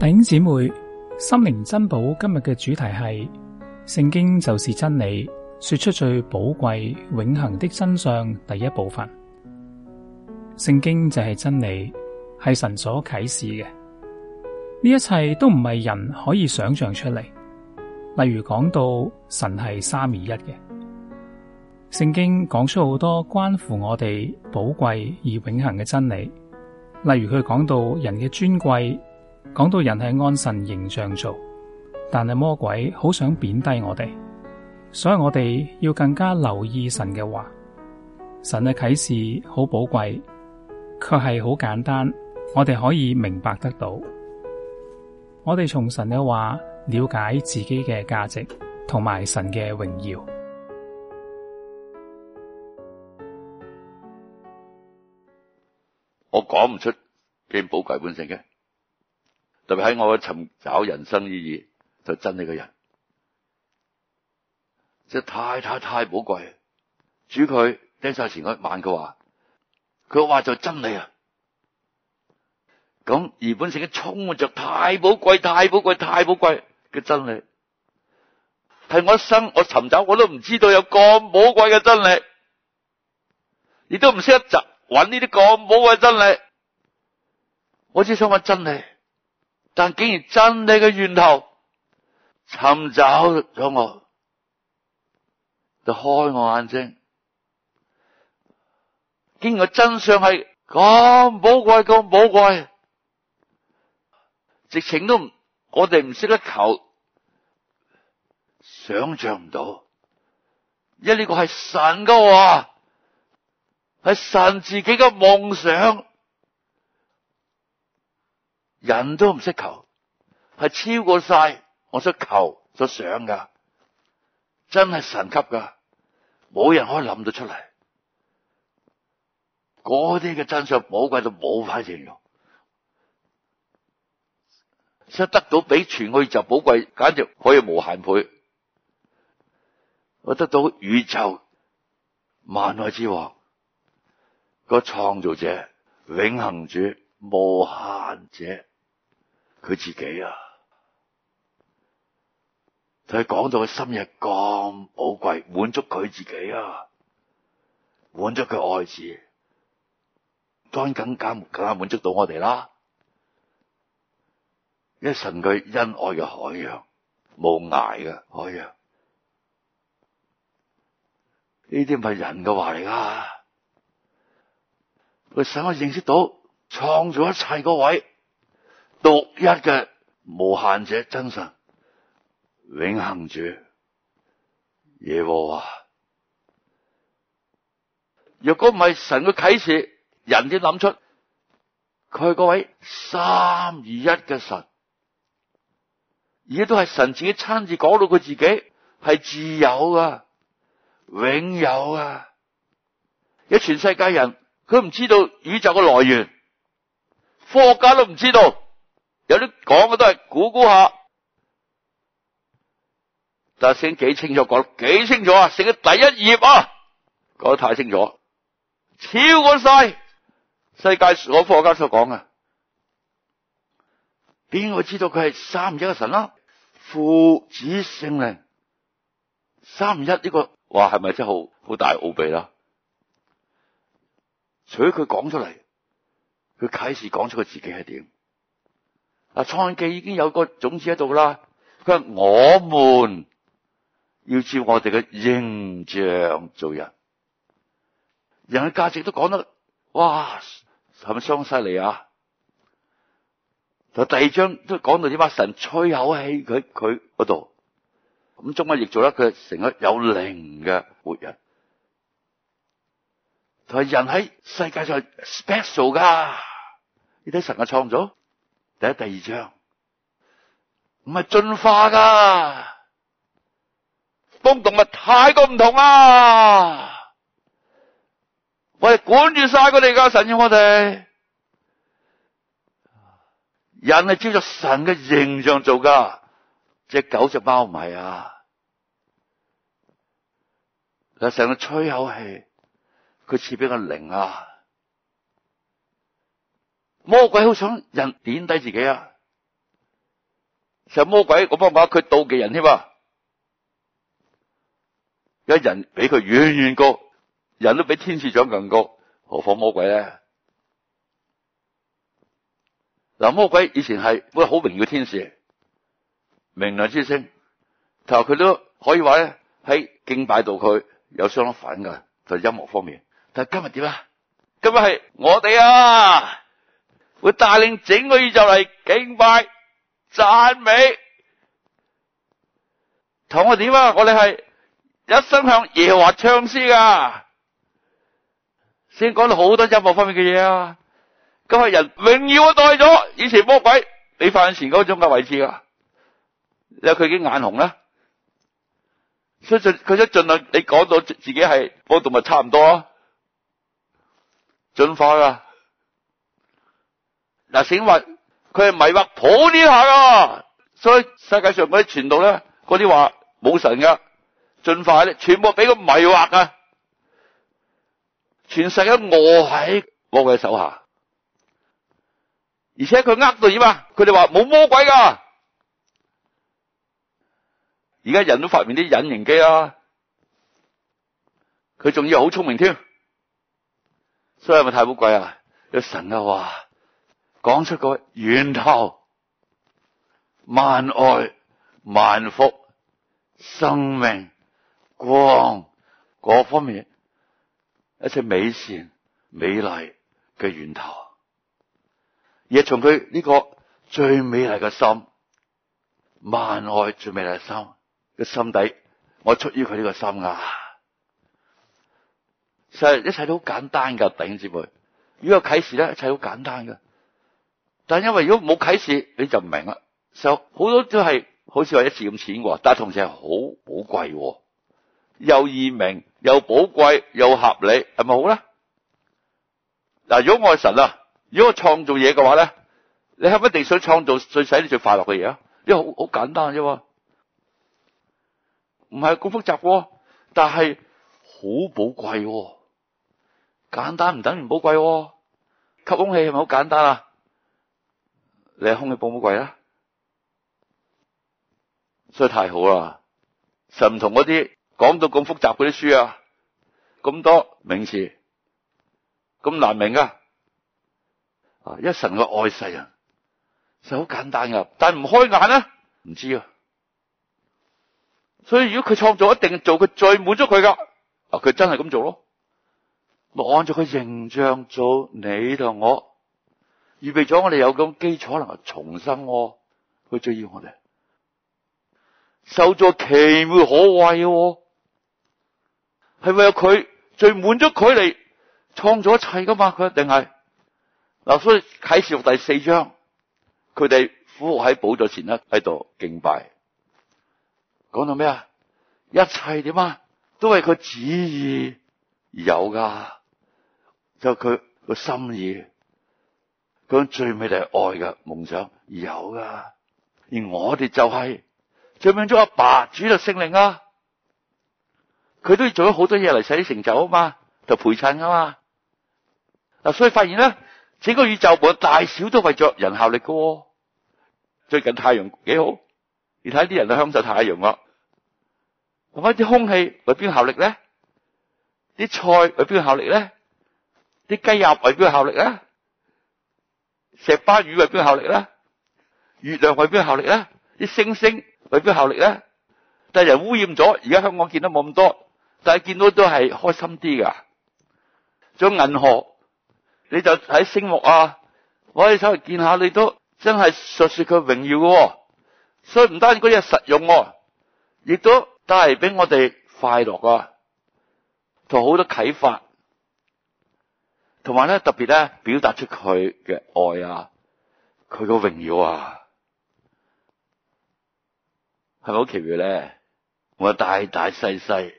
弟兄姐妹，心靈珍寶今日嘅主題係聖經就是真理，說出最寶貴、永恆的真相。第一部分，聖經就係真理，係神所啟示嘅。呢一切都唔係人可以想象出嚟。例如講到神係三二一三而一嘅，聖經講出好多關乎我哋寶貴而永恆嘅真理。例如佢講到人嘅尊貴。講到人係按神形象做，但係魔鬼好想貶低我哋，所以我哋要更加留意神嘅話。神嘅啟示好寶貴，卻係好簡單，我哋可以明白得到。我哋從神嘅話了解自己嘅價值同埋神嘅榮耀。我講唔出咁寶貴本性嘅。特別喺我尋找人生意義，就真理嘅人，即係太太太寶貴。主佢聽晒前嗰晚話，佢話，佢話就真理啊！咁而本性嘅充滿着太寶貴、太寶貴、太寶貴嘅真理，係我一生我尋找，我都唔知道有咁寶貴嘅真理，亦都唔識得揾呢啲咁寶貴嘅真理，我只想揾真理。但竟然真理嘅源頭尋找咗我，就開我眼睛，竟然個真相係咁寶貴咁寶貴，直情都唔我哋唔識得求，想象唔到，因為呢個係神噶話，係神自己嘅夢想。人都唔識求，係超過晒我所求、所想噶，真係神級噶，冇人可以諗得出嚟。嗰啲嘅真相寶貴到冇法形容，所以得到比全宇宙寶貴，簡直可以無限倍。我得到宇宙萬愛之王、嗰個創造者、永恒主、無限者。佢自己啊，佢講到佢心日咁寶貴，滿足佢自己啊，滿足佢愛子，當然更更加滿足到我哋啦。一神佢恩愛嘅海洋，冇涯嘅海洋，呢啲唔係人嘅話嚟噶，佢使我認識到創造一切嗰位。獨一嘅無限者真神，永恆主耶和華。若果唔係神嘅啟示，人哋諗出佢係位三而一嘅神？而家都係神自己親自講到佢自己係自有啊、永有啊。而全世界人佢唔知道宇宙嘅來源，科學家都唔知道。有啲講嘅都係估估下，但係先幾清楚講，幾清楚啊？成咗第一頁啊，講得太清楚，超過世世界所科學家所講啊，邊個知道佢係三一嘅神啦？父子聖靈，三一呢個，話係咪真係好好大奧秘啦？除咗佢講出嚟，佢啟示講出佢自己係點？啊！創記已經有一個種子喺度啦。佢話我們要照我哋嘅形象做人，人嘅價值都講得哇，係咪傷犀利啊？就第二章都講到呢把神吹口氣，佢佢度咁，中間亦做得佢成個有靈嘅活人。就係人喺世界上 special 噶，你睇神嘅創造。第一、第二章，唔係進化噶，當動物太過唔同啊，我哋管住晒佢哋噶神，要我哋人係照着神嘅形象做噶，隻狗隻貓唔係啊，嗱成日吹口氣，佢似畀個靈啊？魔鬼好想人點低自己啊！其、就、實、是、魔鬼咁，方法佢妒忌人添、啊，因人比佢遠遠高，人都比天使長更高，何況魔鬼咧？嗱，魔鬼以前係會好榮耀嘅天使，明亮之星，但佢都可以話咧喺敬拜度佢有相反粉噶，就音樂方面。但係今日點啊？今日係我哋啊！會帶領整個宇宙嚟敬拜讚美，同我點啊？我哋係一生向耶和華唱詩噶，先講到好多音樂方面嘅嘢啊！今日人榮耀啊代咗以前魔鬼，你發現前嗰種嘅位置啊，因為佢已經眼紅啦，所以佢一盡量你講到自己係我動物差唔多啊，進化噶。嗱，醒話，佢係迷惑普天下啊。所以世界上嗰啲傳道咧，嗰啲話冇神嘅進化咧，全部俾佢迷惑啊。全世界臥喺魔鬼手下，而且佢呃到點啊？佢哋話冇魔鬼噶，而家人都發明啲隱形機啊，佢仲要好聰明添，所以係咪太污鬼啊？有、這個、神啊，話。講出個源頭，萬愛萬福，生命光各方面，一切美善美麗嘅源頭，而係從佢呢個最美麗嘅心，萬愛最美麗嘅心嘅心底，我出於佢呢個心啊！就係一切都好簡單噶，弟兄姊妹，如果有啟示咧，一切好簡單噶。但因為如果冇啟示，你就唔明啦。就好多都係好似話一次咁淺喎，但係同時係好寶貴喎，又易明又寶貴又合理，係咪好咧？嗱，如果愛神啊，如果我創造嘢嘅話咧，你係一定想創造最使你最快樂嘅嘢啊？因為好好簡單啫，唔係咁複雜嘅，但係好寶貴。簡單唔等於寶貴。吸空氣係咪好簡單啊？你是空氣保姆貴啦，所以太好啦。神唔同嗰啲講到咁複雜嗰啲書啊，咁多名詞，咁難明㗎。啊，一神嘅愛世人，就好簡單噶，但係唔開眼咧，唔知啊。所以如果佢創造一定做他滿，他的，佢最滿足佢噶。啊，佢真係咁做咯，按住佢形象做你同我。預備咗，我哋有咁基礎，能夠重生，佢追要我哋受造，奇妙可畏，係咪有佢最滿足佢嚟創造一切噶嘛？佢一定係嗱，所以啟示錄第四章，佢哋伏喺寶座前啦，喺度敬拜，講到咩啊？一切點啊？都係佢旨意有噶，就佢個心意。佢最尾係愛嘅夢想，有噶，而我哋就係、是，最命中阿爸主就聖靈啊，佢都要做咗好多嘢嚟使啲成就啊嘛，就陪襯啊嘛，嗱，所以發現咧，整個宇宙無大小都為着人效力噶，最近太陽幾好，你睇啲人啊享受太陽啊。同埋啲空氣為邊效力咧？啲菜為邊效力咧？啲雞鴨為邊效力咧？石斑魚為邊效力啦，月亮為邊效力啦，啲星星為邊效力啦，但係人污染咗，而家香港見得冇咁多，但係見到都係開心啲噶。仲有銀河，你就喺星木啊，我可以稍為見下，你都真係述說佢榮耀喎。所以唔單止嗰啲係實用，亦都帶嚟俾我哋快樂啊，同好、啊、多啟發。同埋咧，特別咧，表達出佢嘅愛啊，佢個榮耀啊，係咪好奇妙咧？我大大細細，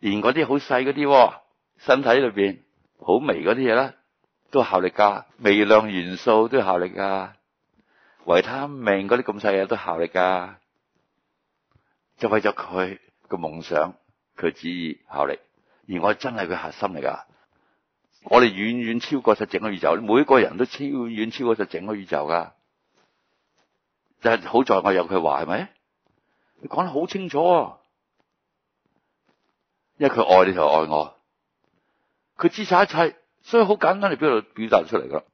連嗰啲好細嗰啲，身體裏邊好微嗰啲嘢咧，都效力噶，微量元素都效力噶，維他命嗰啲咁細嘢都效力噶，就為咗佢個夢想，佢旨意效力，而我真係佢核心嚟噶。我哋遠遠超過就整個宇宙，每一個人都超遠超過就整個宇宙噶。就係、是、好在我有佢話，係咪？你講得好清楚啊，因為佢愛你就是愛我，佢知晒一切，所以好簡單嚟，表表達出嚟噶。